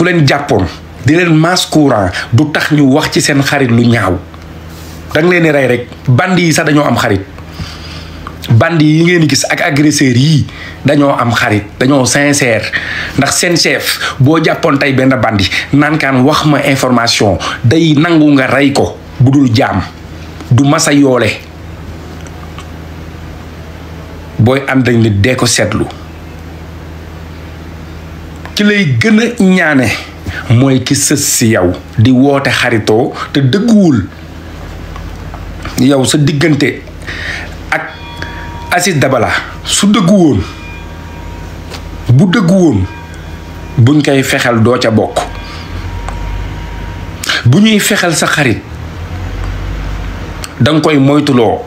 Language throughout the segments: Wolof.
ku leen jàppoon di leen masse courant du tax ñu wax ci seen xarit lu ñaaw da leen di rey rek bandi yi sax dañoo am xarit bandi yi ngeen gis ak agresseurs yii dañoo am xarit dañoo sincère ndax seen chef boo jàppoon tey benn bandi naan wax ma information day nangu nga rey ko bu dul jaam du masa yoole booy ànd dañ ne dee ko seetlu ki lay gën a ñaane mooy ki sës si yow di woote xaritoo te dëgguwul yow sa diggante ak Aziz Dabala su dëggu bu dëggu woon buñ koy fexel doo ca bokk bu ñuy fexel sa xarit danga koy moytuloo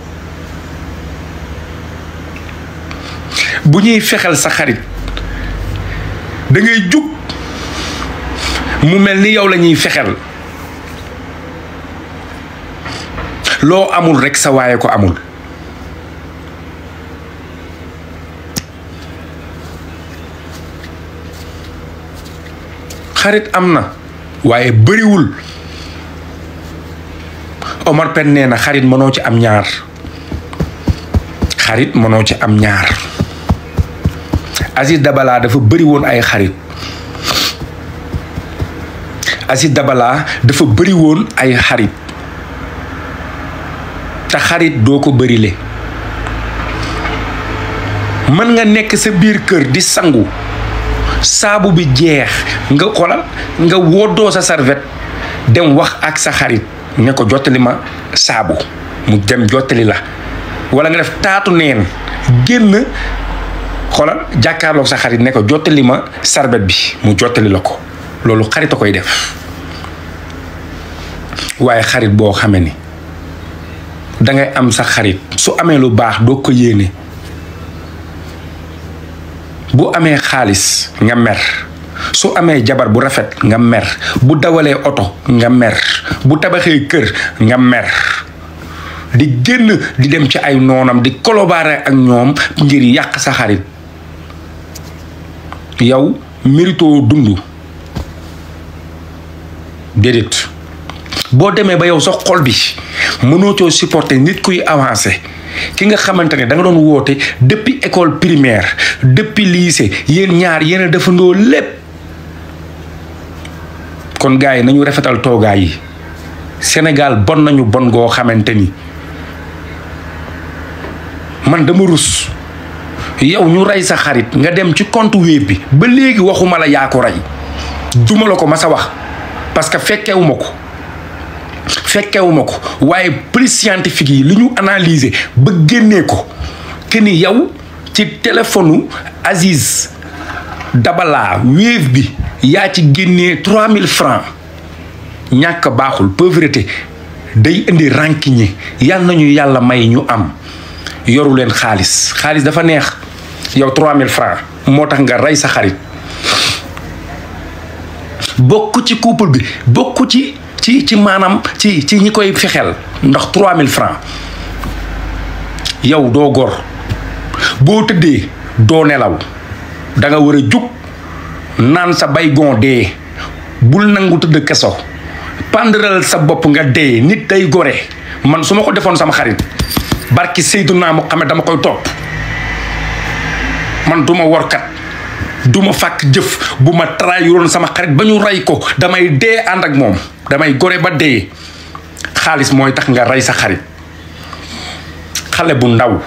bu ñuy fexeel sa xarit da ngay mu mel ni yow lañuy fexeel loo amul rekk sa waaye ko amul xarit am na waaye bariwul Omar Pène nee xarit mënoo ci am ñaar xarit mënoo ci am ñaar Aziz dabalaa dafa bariwoon ay xarit Aziz Dabala dafa bëri ay xarit te xarit doo ko bërile mën nga nekk sa biir kër di sangu saabu bi jeex nga xolal nga woddoo sa serviette dem wax ak sa xarit nga ko jottali ma saabu mu dem jottali la walla nga def taatu neen génn xoolal jàkkaarloog sa xarit ne ko jottali ma sarbet bi mu jottali la ko loolu xarit a koy def waaye xarit boo xamee ni dangay am sa xarit su amee lu baax doo ko yéene bu amee xaalis nga mer su amee jabar bu rafet nga mer bu dawalee oto nga mer bu tabaxee kër nga mer di génn di dem ci ay noonam di kolobaare ak ñoom ngir yàq sa xarit yow méritoo dund déedéet boo demee ba yow sa xol bi mënoo coo supporter nit kuy avancé ki nga xamante ne da nga doon woote depuis école primaire depuis lycée yéen ñaar yéen a defandoo lépp kon gaa yi nañu rafetal toogaay yi senegal bon nañu bon goo xamante ni man dama rus yow ñu rey sa xarit nga dem ci compte web bi ba léegi waxuma la yaa ko rey duma la ko ma sa wax parce que fekkewuma ko fekkewuma ko waaye police scientifique yi li ñu analyse ba génnee ko que ni yow ci téléphone Aziz Dabala web bi yaa ci génnee 3000 francs ñàkk baaxul pauvreté day indi rancunier yal nañu yàlla may ñu am yoru leen xaalis xaalis dafa neex yow mille francs moo tax nga rey sa xarit bokk ci couple bi bokk ci ci ci maanaam ci ci ñi koy fexeel ndax 3000 francs yow doo gor boo tëddee doo nelaw da nga war a jug naan sa bay baygon dee bul nangu tëdd keso pandral sa bopp nga dee nit day gore man su ma ko defoon sama xarit barki naa Seydunaa Muhammad dama koy topp man duma ma workat du fàkk jëf bu ma trahiroon sama xarit ba ñu rey ko damay dee ànd ak moom damay gore ba dee xaalis mooy tax nga rey sa xarit xale bu ndaw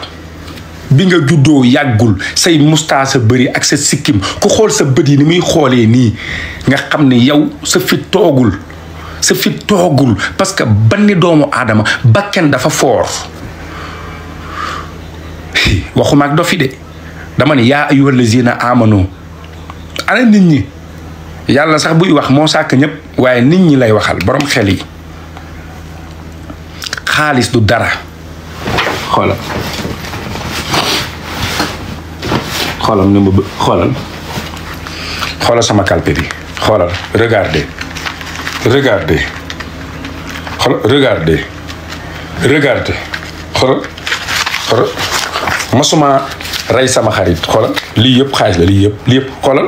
bi nga juddoo yàggul say mustaasa bëri ak sa sikkim ku xool sa bët yi ni muy xoolee nii nga xam ne yow sa fit toogul sa fit toogul parce que banni doomu aadama bakken dafa foor waxuma ak dofi dama ne yaa ayyuhal lazina amanu ana nit ñi yàlla sax buy wax moo sàkk ñëpp waaye nit ñi lay waxal borom xel yi xaalis du dara xoolal xoolal ni mu xoolal xoolal sama calpe xoolal regardez regardez xoolal masuma rey sama xarit xoolal lii yëpp xaalis la lii yëpp lii xoolal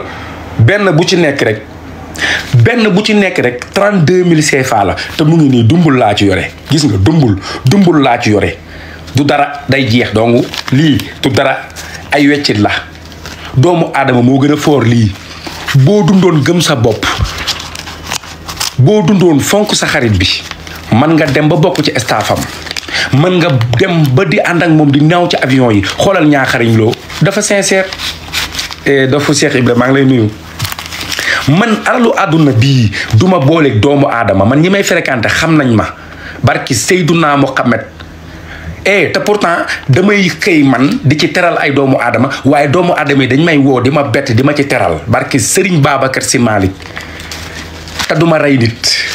benn bu ci nekk rek benn bu ci nekk rek 32000 CFA la te mu ngi nii dumbul laa ci yore gis nga dumbul dumbul laa ci yore du dara day jeex donc lii du dara ay weccit la doomu aadama moo gën a foor lii boo dundoon gëm sa bopp boo dundoon fonk sa xarit bi man nga dem ba bokk ci staffam mën nga dem ba di ànd ak moom di naaw ci avion yi xoolal ñaaxariñ loo dafa sincère eh, dafa Cheikh Ibrahima maa ngi lay nuyu man alalu àdduna bii duma booleeg doomu aadama man ñi may fréquenté xam nañ ma barki Seydunaa Muhammad e te pourtant damay xëy man di ci teral ay doomu aadama waaye doomu aadama yi dañ may woo di ma bett di ma ci teral barki Sëriñ Babacar Si Maalik te duma rey nit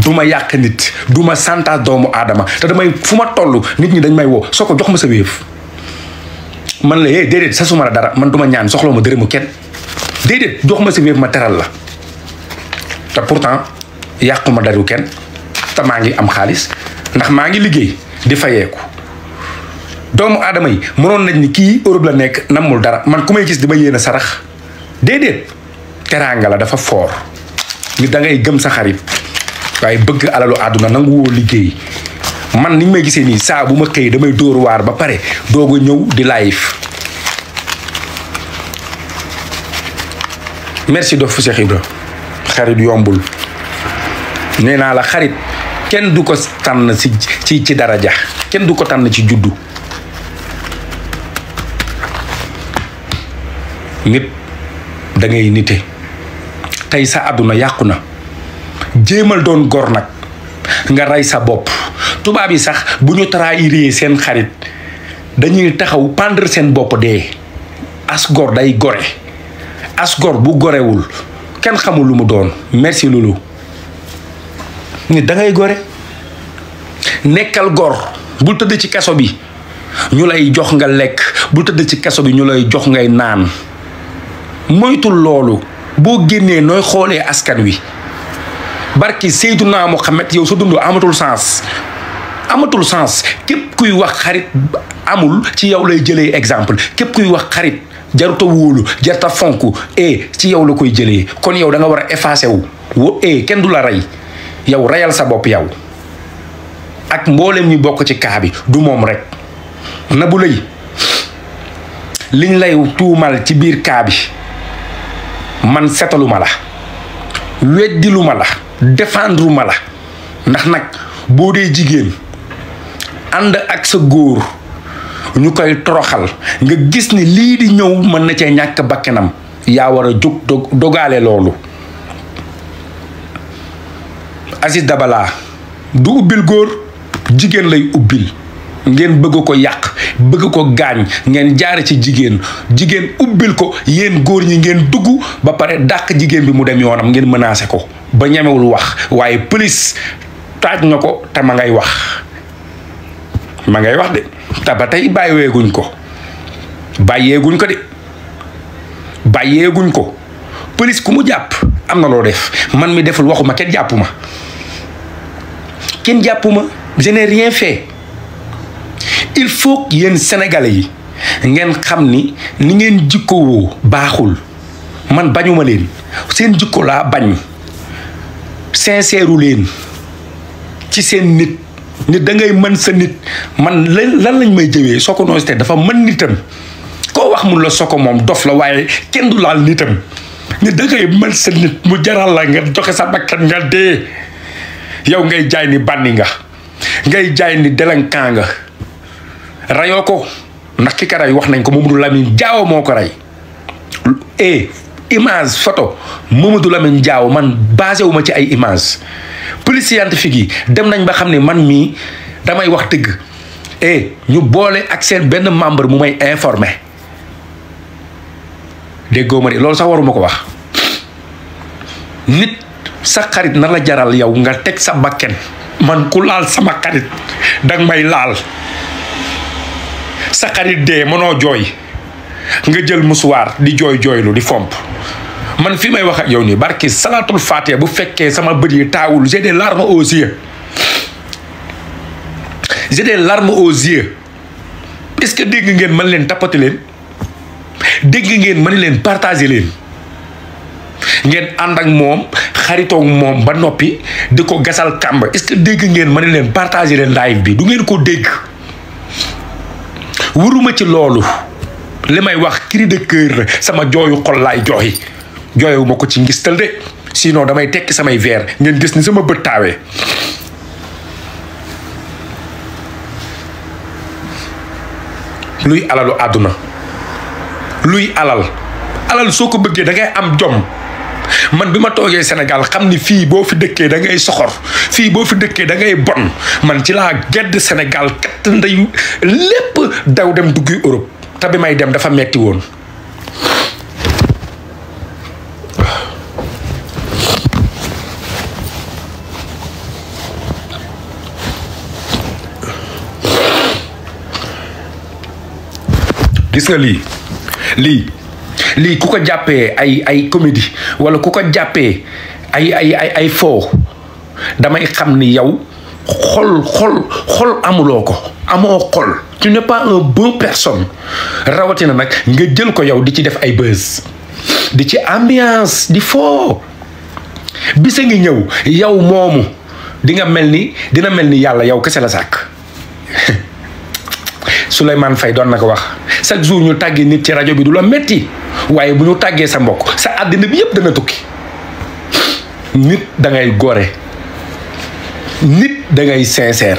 du ma yàq nit du ma santaas doomu aadama te damay fu ma toll nit ñi dañ may woo soo ko jox ma sa wéef man la eh déedéet sa suma la dara man du ma ñaan soxla ma dërëmu kenn déedéet jox ma sa wéef ma teral la te pourtant yàqu ma daru kenn te maa ngi am xaalis ndax maa ngi liggéey di fayeeku doomu aadama yi mënoon nañ ni kii Europe la nekk nammul dara man ku may gis di ma yéene sarax déedéet teraanga la dafa foor ni da gëm sa xarit. waaye bëgg alalu àdduna nangu woo liggéey man ni ñu may gisee nii saa bu ma xëy damay dóor waar ba pare doogu a ñëw di live merci dof Cheikh Ibra xarit yombul nee naa la xarit kenn du ko tànn ci ci ci daraja kenn du ko tànn ci juddu nit dangay ngay tey sa àdduna yàqu na jéemal doon gor nag nga rey sa bopp tubaab yi sax bu ñu trahiree seen xarit dañuy taxaw pendre seen bopp dee as gor day gore as gor bu gorewul kenn xamul lu mu doon merci loolu nit da gore nekkal gor bul tëdd ci kaso bi ñu lay jox nga lekk bul tëdd ci kaso bi ñu lay jox ngay naan moytul loolu boo génnee nooy xoolee askan wi barki Seydunaa Muhammad yow sa dund amatul sens amatul sens képp kuy wax xarit amul ci yow lay jëlee exemple képp kuy wax xarit jaruta wóolu jaruta fonk e ci yow la koy jëlee kon yow da nga war a effacé wu e, kenn du la rey yow reyal sa bopp yow ak mboolem ñu bokk ci kaa bi du moom rek na bu lay liñ lay tuumal ci biir kaabi man setaluma la weddiluma la defandruma la ndax nag boo dee jigéen ànd ak sa góor ñu koy toroxal nga gis ni lii di ñëw mën na cee ñàkk bakkanam yaa war a jóg dog loolu Aziz Dabala du ubbil góor jigéen lay ubbil ngeen bëgg ko yàq bëgg ko gaañ ngeen jaare ci jigéen jigéen ubbil ko yéen góor ñi ngeen dugg ba pare dàq jigéen bi mu dem yoonam ngeen menacé ko ba ñemewul wax waaye police taaj na ko te ma ngay wax ma ngay wax de te ba tey bàyyeeguñ ko bàyyeeguñ ko de bàyyeeguñ ko police ku mu jàpp am na loo def man mi deful waxuma kenn jàppuma kenn jàppuma je n'ai rien fait il faut que yéen yi ngeen xam ni ni ngeen jikkowoo baaxul man bañuma leen seen jikko laa bañ sincère leen ci seen nit nit dangay ngay mën sa nit man lan lañ may jëwee Soko Noisetaire dafa mën nitam koo wax mun la soo ko moom dof la waaye kenn du laal nitam nit da ngay mën sa nit mu jaral la nga joxe sa bakkan nga dee yow ngay jaay ni bànni nga ngay jaay ni délinquant nga rayoo ko ndax ki ka ray wax nañ ko Mamadou Lamine Diaw moo ko rey e image photo Mamadou Lamine Diaw man basé wu ma ci ay image police yi dem nañ ba xam ne man mii damay wax dëgg e ñu boole ak seen benn membre mu may informé déggoo ma de loolu sax waruma ko wax nit sa xarit na la jaral yow nga teg sa bakken man ku laal sama xarit danga may laal sa xarit dee mënoo jooy nga jël musuwaar di jooy jooylu di fomp man fi may wax yow nii barki salaatul faatiha bu fekkee sama bët yi taawul j'ai des larmes aux yeux j'ai des larmes aux est-ce que dégg ngeen man leen tappati leen dégg ngeen mën leen partager leen ngeen ànd ak moom xaritoog moom ba noppi di ko gasal kàmb est-ce que dégg ngeen mën leen partager leen live bi du ngeen ko dégg wuruma ci loolu li may wax cri de cœur sama jooyu xol laay jooyi jooyewuma ko ci ngistal de sinon damay tekki samay verre ngeen gis ni sama bët taawee luy alalu àdduna luy alal alal soo ko bëggee da ngay am jom man bi ma toogee Sénégal xam ni fii boo fi dëkkee da ngay soxor fii boo fi dëkkee dangay bon man ci laa gedd senegal kat ndeyu lépp daw dem dugg Europe te bi may dem dafa metti woon. gis nga lii lii. lii ku ko jàppee ay ay comédie wala ku ko jàppee ay ay ay ay damay xam ni yow xol xol xol amuloo ko amoo xol tu n'es pas un bon personne rawatina nag nga jël ko yow di ci def ay buzz di ci ambiance di foo bisa ngi ñëw yow moomu di nga mel ni dina mel ni yàlla yow kese la sàkk Souleymane fay doon na wax chaque jour ñu tàggee nit ci rajo bi du la metti waaye bu ñu tàggee sa mbokk sa àddina bi yëpp dana tukki nit da gore nit dangay ngay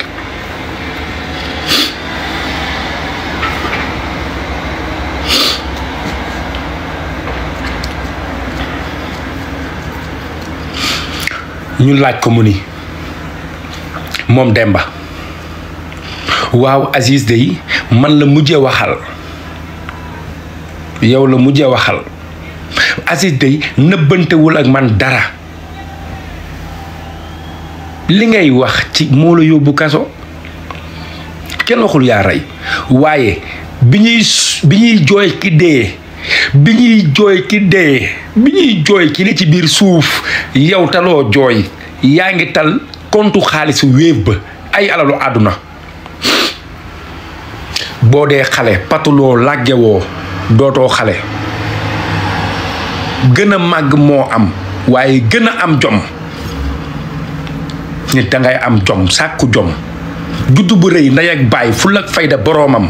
ñu laaj ko mu ni moom Demba waaw Aziz dey man la mujjee waxal yow la mujje waxal Aziz day nëbbantewul ak man dara li ngay wax ci moo la yóbbu kaso kenn waxul yaa rey waaye bi ñuy bi ñuy jooy ki dee bi ñuy jooy ki dee ci biir suuf yow taloo jooy yaa ngi tal kontu xaalisu wéef ba ay alalu àdduna boo dee xale patuloo làggewoo dootoo xale gën a màgg moo am waaye gën a am jom nit da ngay am jom sàkku jom juddu bu rëy ndey ak baay ful fayda boroomam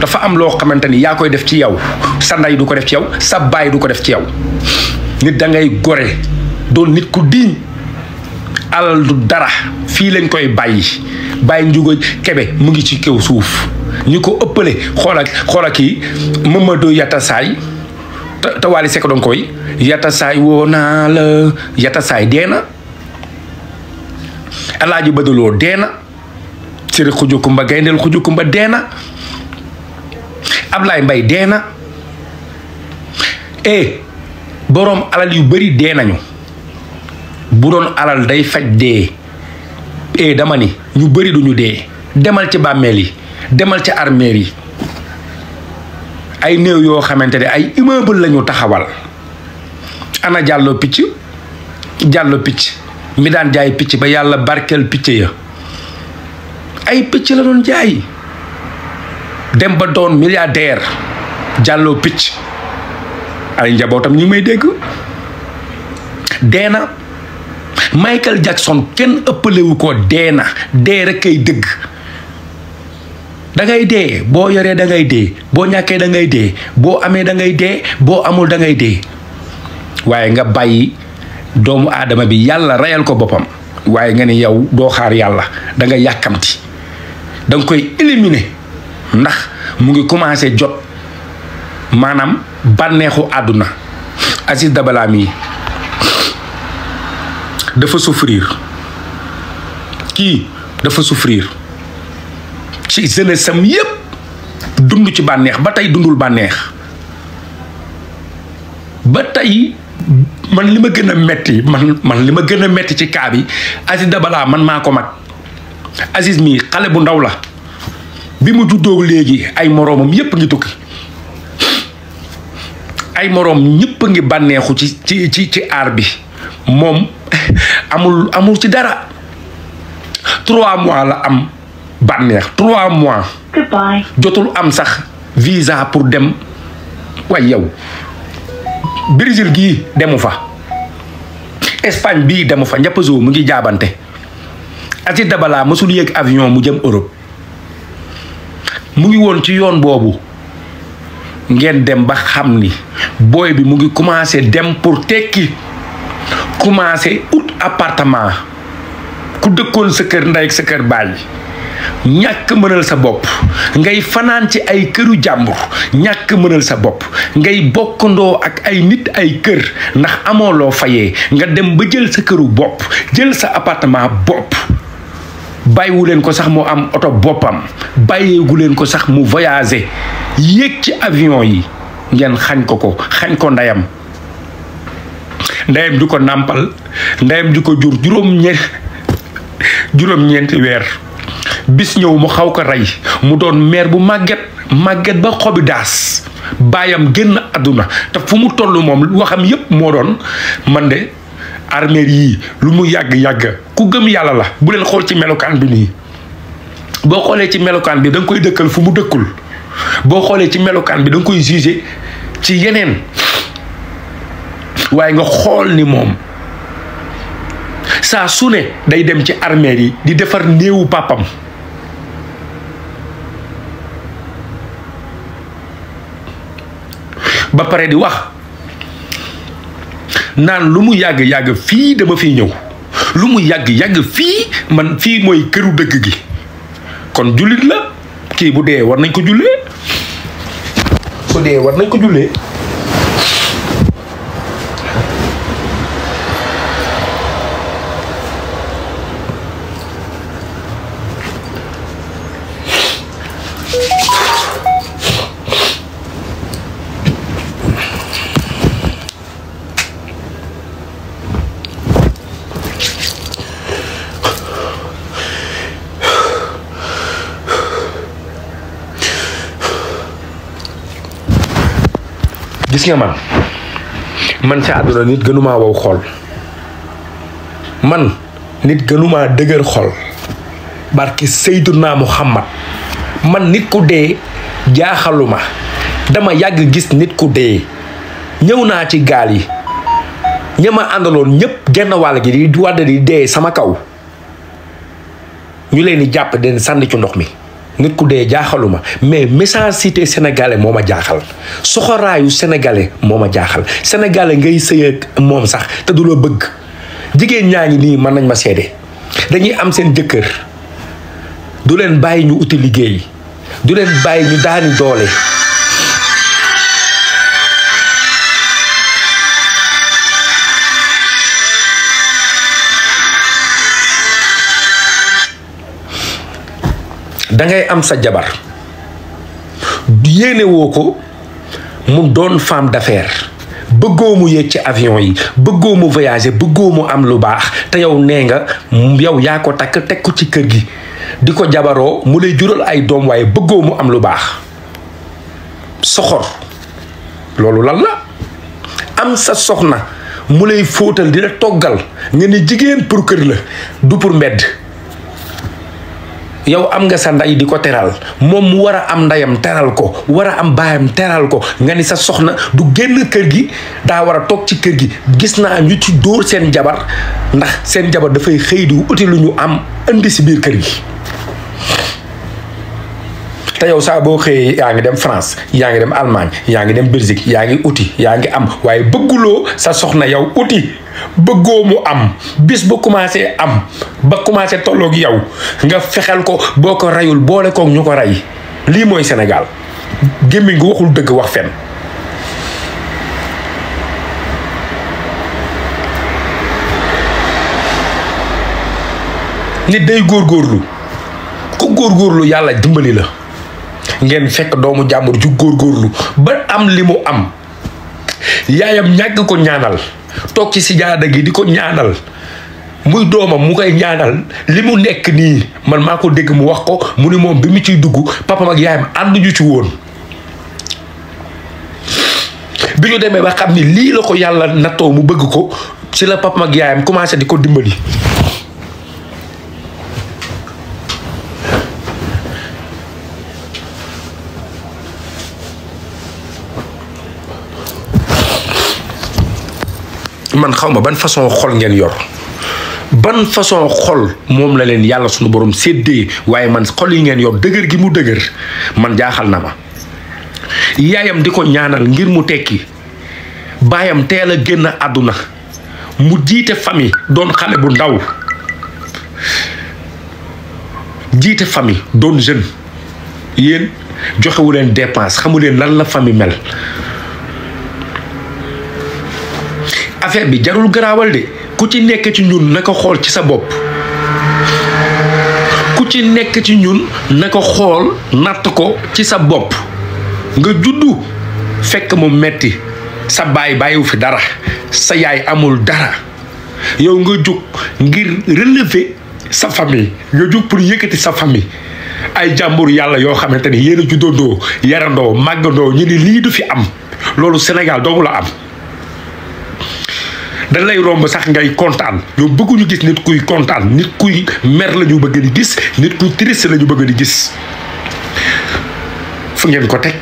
dafa am loo xamante ni yaa koy def ci yow sa ndey du ko def ci yow sa baay du ko def ci yow nit da gore doon nit ku diiñ alal du dara fii lañ koy bàyyi bàyyi njugo kebe mu ngi ci kaw suuf ñu ko ëppale xoola xoola kii Mamadou Yatassay te te Wally Seck doon koy yatasaay woo la Yatassay dee na Alaaji Badaloo dee na Sëri Xujukumba Gayndeel Xujukumba dee na lay mbay dee na eh borom alal yu bari dee nañu. bu doon alal day faj dee e dama ni ñu bari duñu dee demal ci bàmmeel yi demal ci armeel yi ay néew yoo xamante ne ay immeuble la taxawal ana jàllo picc jàllo picc mi daan jaay picc ba yàlla barkeel picc ya ay picc la doon jaay dem ba doon milliardaire jàlloo picc ay njabootam ñu may dégg dee na Michael Jackson kenn ëppalewu ko dee na dee rek kay dëgg dangay dee boo yoree da ngay dee boo ñàkkee da ngay dee boo amee da ngay dee boo amul da ngay dee waaye nga bàyyi doomu aadama bi yàlla reyal ko boppam waaye nga ne yow doo xaar yàlla da nga yàkkamti da nga koy éliminer ndax mu ngi commencé jot maanaam bànneexu àdduna Aziz Dabala yi dafa souffrir kii dafa souffrir ci jeunesse yépp dund ci bànneex ba tey dundul bànneex ba tey man li ma gën a metti man li ma gën a metti ci kaa bi Aziz Dabala man maa ko mag Aziz mi xale bu ndaw la bi mu juddoo léegi ay moroomam yépp ngi tukki ay moroom ñépp a ngi bànneexu ci ci ci ci aar bi moom amul amul ci dara trois mois la am bànneex trois mois jotul am sax visa pour dem way yow Brésil gi demu fa Espagne bii demu fa Ndiapazo mu ngi jaabante Aziz Dabala mësul yéeg avion mu jëm Europe mu ngi woon ci yoon boobu ngeen dem ba xam ni booy bi mu ngi commencé dem pour tekki commencé ut appartement ku dëkkoon sa kër ndey ak sa kër baay ñàkk mënal sa bopp ngay fanaan ci ay këru jàmbur ñàkk mënal sa bopp ngay bokkandoo ak ay nit ay kër ndax amoo loo fayee nga dem ba jël sa këru bopp jël sa appartement bopp bàyyiwu leen ko sax mu am oto boppam bàyyeegu leen ko sax mu voyager yéeg ci avion yi ngeen xañ ko ko xañ ko ndeyam ndeyam ju ko nàmpal ndeyam ju ko jur juróom juróom-ñeenti weer bis ñëw mu xaw ko rey mu doon meer bu màgget màgget ba xobi daas baayam génn àdduna te fu mu toll moom waxam yépp moo doon man de armeer yi lu mu yàgg-yàgg ku gëm yàlla la bu leen xool ci melokaan bi nii boo xoolee ci melokaan bi da koy dëkkal fu mu dëkkul boo xoolee ci melokaan bi da koy jugé ci yeneen waaye nga xool ni moom saa su ne day dem ci armeel yi di defar néewu pàppam ba pare di wax naan lu mu yàgg yàgg fii dama fi ñëw lu mu yàgg yàgg fii man fii mooy këru dëgg gi kon jullit la kii bu dee war nañ ko jullee su dee war nañ ko jullee gis nga man man ci àdduna nit gënuma wow xool man nit gënumaa dëgër xol barki Seyduna Muhammad man nit ku dee jaaxaluma dama yàgg gis nit ku dee ñëw naa ci gaal yi ña ma àndaloon ñépp genn wàll gi di wàdd di dee sama kaw ñu leen di jàpp den sànni ci ndox mi nit ku dee jaaxaluma mais mendicité sénégalais moo ma jaaxal soxoraayu sénégalais moo ma jaaxal sénégalais ngay sëy moom sax te du la bëgg jigéen ñaa ñi nii mën nañ ma seede dañuy am seen jëkkër du leen bàyyi ñu uti liggéey du leen bàyyi ñu daani doole da ngay am sa jabar yéene woo ko mu doon femme d'affaires bëggoo mu yéeg ci avion yi bëggoo mu voyager bëggoo mu am lu baax te yow nee nga yow yaa ko takk teg ko ci kër gi di ko jabaroo mu lay jural ay doom waaye bëggoo mu am lu baax soxor loolu lan la am sa soxna mu lay fóotal di la toggal nga ne jigéen pour kër la du pour mbedd yow am nga sa nday di ko teral moom mu war a am ndayam teral ko war a am baayam teral ko nga ni sa soxna du génn kër gi daa war a toog ci kër gi gis naa ñu ci dóor seen jabar ndax seen jabar dafay xëy di uti lu ñu am indi si biir kër gi te yow saa boo xëyee yaa ngi dem France yaa ngi dem Allemagne yaa ngi dem Belgique yaa ngi uti yaa ngi am waaye bëgguloo sa soxna yow uti bëggoo mu am bis ba commencé am ba commencé tolloog yow nga fexel ko boo ko rayul boole koog ñu ko rey lii mooy senegal gémmiñ gu waxul dëgg wax fen nit day góorgóorlu ku góorlu yàlla dimbali la ngeen fekk doomu jàmbur ju góor góorlu ba am li mu am yaayam ñàgg ko ñaanal toog ci si jaada gi di ko ñaanal muy doomam mu koy ñaanal li mu nekk nii man maa ko dégg mu wax ko mu ni moom bi mu ciy dugg papam ak yaayam ànduñu ci woon bi ñu demee ba xam ni lii la ko yàlla nattoo mu bëgg ko ci la papam ak yaayam commencé di ko dimbali man xaw ma ban façon xol ngeen yor ban façon xol moom la leen yàlla suñu borom séddee waaye man xol yi ngeen yor dëgër gi mu dëgër man jaaxal na ma yaayam di ko ñaanal ngir mu tekki baayam teel a génn àdduna mu jiite famille doon xale bu ndaw jiite famille doon jeune yéen joxewu leen dépense xamu leen lan la famille mel affaire bi jarul garaawal de ku ci nekk ci ñun na ko xool ci sa bopp ku ci nekk ci ñun na ko xool natt ko ci sa bopp nga juddu fekk mu metti sa baay bàyyiwu fi dara sa yaay amul dara yow nga jóg ngir relever sa famille nga jóg pour yëkkati sa fami ay jàmbur yàlla yoo xamante ni yéen a juddandoo yarandoo màggandoo ñi ni lii du fi am loolu Sénégal doomu la am dañ lay romb sax ngay kontaan ñoom bëgguñu gis nit kuy kontaan nit kuy mer la ñu bëgg di gis nit kuy triste la ñu bëgg di gis fu ngeen ko teg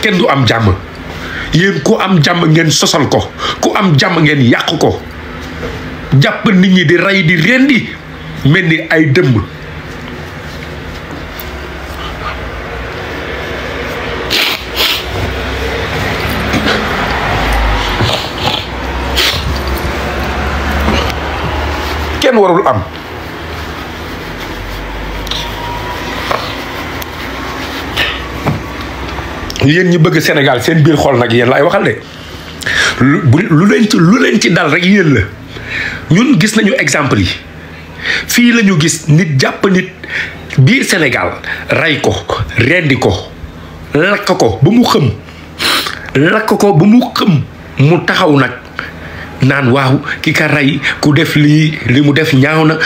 kenn du am jàmm yéen ku am jàmm ngeen sosal ko ku am jàmm ngeen yàq ko jàpp nit ñi di rey di rendi mel ni ay dëmm kenn warul am yéen ñi bëgg Sénégal seen biir xool nag yéen laay waxal de lu leen ci lu leen ci dal rek yéen ñun gis nañu exemple yi fii lañu gis nit jàpp nit biir Sénégal rey ko rendi ko lakk ko ba mu xëm lakk ko ba mu xëm mu taxaw nag naan waaw ki ka rey ku def lii li mu def ñaaw na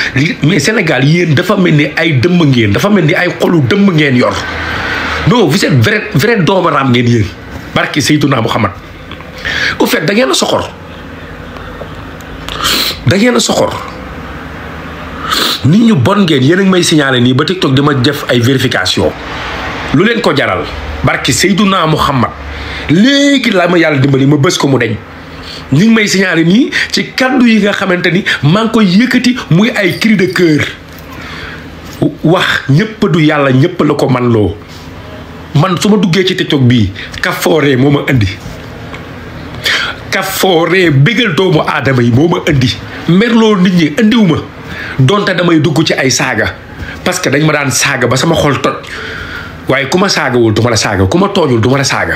mais Sénégal yéen dafa mel ni ay dëmm ngeen dafa mel ni ay xolu dëmm ngeen yor non vous êtes vrai vrai doomaraam ngeen yéen barki Seydouna Muhammad au fait da ngeen soxor dangeen soxor nit ñu bon ngeen yéen may signalé nii ba TikTok dama def ay vérification lu leen ko jaral barki Seydouna Muhammad léegi laa ma yàlla dimbali ma bës ko mu deñ ñu ngi may signaler nii ci kaddu yi nga xamante ni maa ngi koy yëkkati muy ay cri de cœur wax ñëpp du yàlla ñëpp la ko man loo man su ma duggee ci TikTok bii kafooree moo ma indi kafooree bégal doomu aadama yi moo ma indi merloo nit ñi indiw ma donte damay dugg ci ay saaga parce que dañ ma daan saaga ba sama xol toj waaye ku ma saagawul du ma la saaga ku ma tooñul du ma la saaga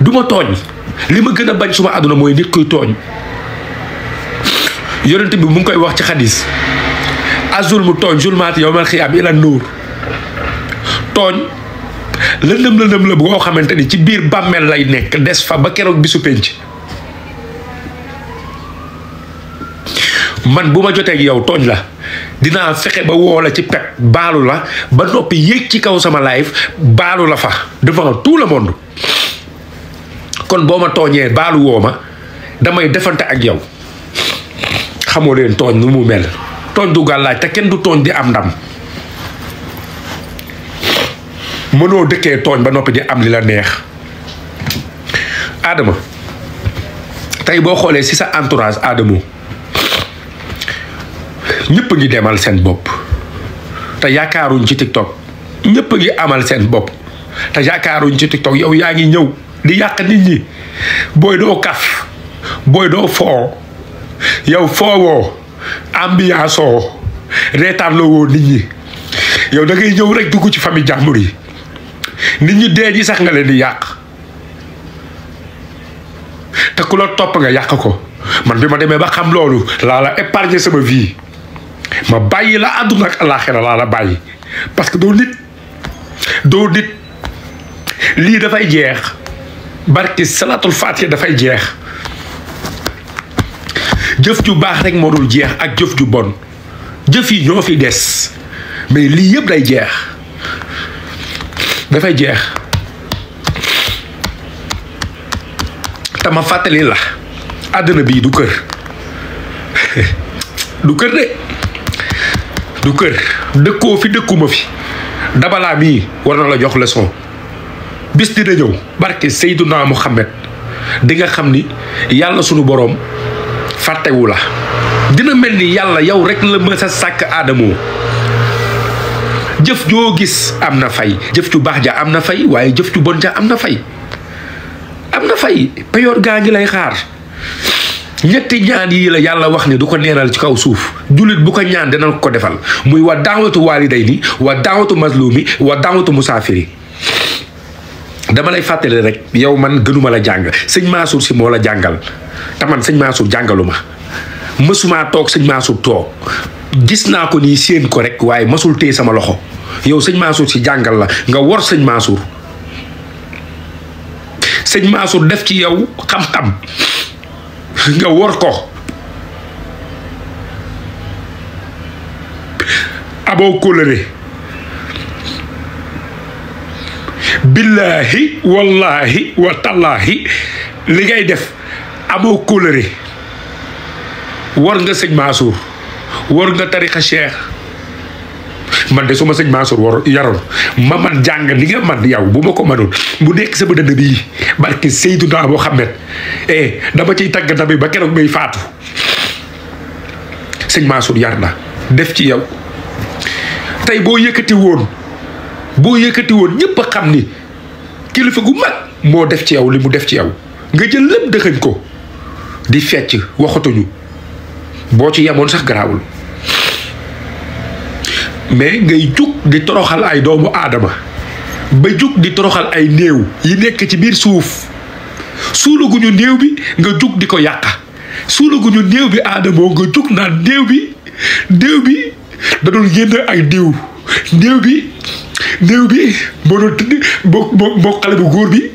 duma ma tooñ li ma gën a bañ suma àdduna mooy nit kuy tooñ yonent bi mu ngi koy wax ci xadis azul mu tooñ zulmaati yow mal xiyaam la nuur tooñ lëndëm lëndëm la boo xamante ni ci biir bàmmeel lay nekk des fa ba keroog bisu penc man bu ma jotee yow tooñ la dinaa fexe ba woo la ci pep baalu la ba noppi yéeg ci kaw sama live baalu la fa devant tout le monde kon boo ma tooñee baalu woo ma damay defante ak yow xamoo leen tooñ nu mu mel tooñ du gàllaaj te kenn du tooñ di am ndam mënoo dëkkee tooñ ba noppi di am li la neex aadama tey boo xoolee ci sa entourage Adamo ñëpp ngi demal seen bopp te yaakaaruñ ci TikTok ñëpp ngi amal seen bopp te yaakaaruñ ci TikTok yow yaa ngi ñëw di yàq nit ñi booy doo kaf booy doo foo yow foowoo ambiance oo reetaarloo woo nit ñi yow dangay ngay ñëw rek dugg ci famille jàmbur yi nit ñi dee ñi sax nga leen di yàq te ku la topp nga yàq ko man bi ma demee ba xam loolu laa la épargner sama vie ma bàyyi la àdduna ak àllaaxira laa la bàyyi parce que doo nit doo nit lii dafay jeex barki salaatul faatiha dafay jeex jëf ju baax rek moo dul jeex ak jëf ju bon jëf yi ñoo fi des mais lii yëpp day jeex dafay jeex te fàttali la àddina bii du kër du kër du kër dëkkoo fi dëkkuma fi dabalaa mii war na la jox leçon bis dina ñëw barke Seyduna Muhammad dinga xam ni yàlla sunu boroom fàttewu la dina mel ni yàlla yow rek la mës sàkk aadamoo jëf joo gis am na fay jëf ju baax ja am na fay waaye jëf ju bon ja am na fay am na fay payoor gaa ngi lay xaar ñetti ñaan yi la yàlla wax ni du ko neenal ci kaw suuf jullit bu ko ñaan dina ko defal muy wa daawatu waalidayni wa daawatu mazlumi wa daawatu musaafiri dama lay fàttali rek yow man gënuma la jàng sëñ Mansour si moo la jàngal te man sëñ Mansour jàngaluma mësuma toog sëñ Mansour toog gis naa ko nii séen ko rek waaye masul téye sama loxo yow sëñ Mansour si jàngal la nga wor sëñ Mansour sëñ Mansour def ci yow xam-xam nga wor ko aboo kóllëre billaahi wallaahi wa tallaahi li ngay def amoo kóllëre war nga sëñ Mansour war nga tarixa Cheikh man de su ma sëñ Mansour war yaroon ma man jàng li nga man yow bu ma ko mënoon bu nekk sama dënd bii barke Seydina Muhammad eh dama ciy tàgg nabi ba keroog may faatu sëñ Mansour yar na def ci yow tey boo yëkkati woon. boo yëkkati woon ñëpp a xam ni kilifa gu mag moo def ci yow li mu def ci yaw nga jël lépp dëxëñ ko di fecc waxatuñu boo ci yemoon sax garaawul mais ngay jug di toroxal ay doomu aadama ba jug di toroxal ay néew yi nekk ci biir suuf suulaguñu néew bi nga jug di ko yàq suulaguñu néew bi aadamoo nga jug naan néew bi néew bi da doon ay diw néew bi néew bi moo doon tëdd moo moo xale bu góor bi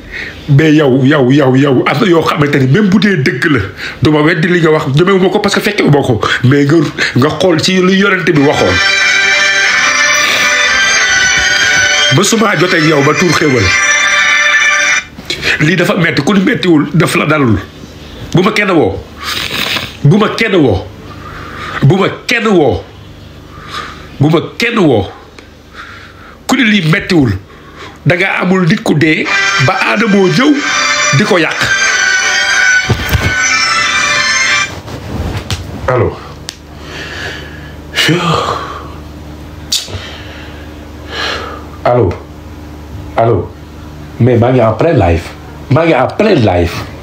mais yow yow yow yow am na yoo xamante ni même bu dee dëgg la du ma li nga wax ñemewu ko parce que fekke uma ko mais nga nga xool ci lu yorente bi waxoon mësuma joteeg yow ba tuur xéwal lii dafa metti ku ni mettiwul daf la dalul bu ma kenn woo bu ma kenn woo bu ma kenn woo bu ma kenn woo ku ne lii mettiwul da nga amul nit ku dee ba aadamoo ñëw di ko yàq allo alo allo mais maa ngi en maa ngi live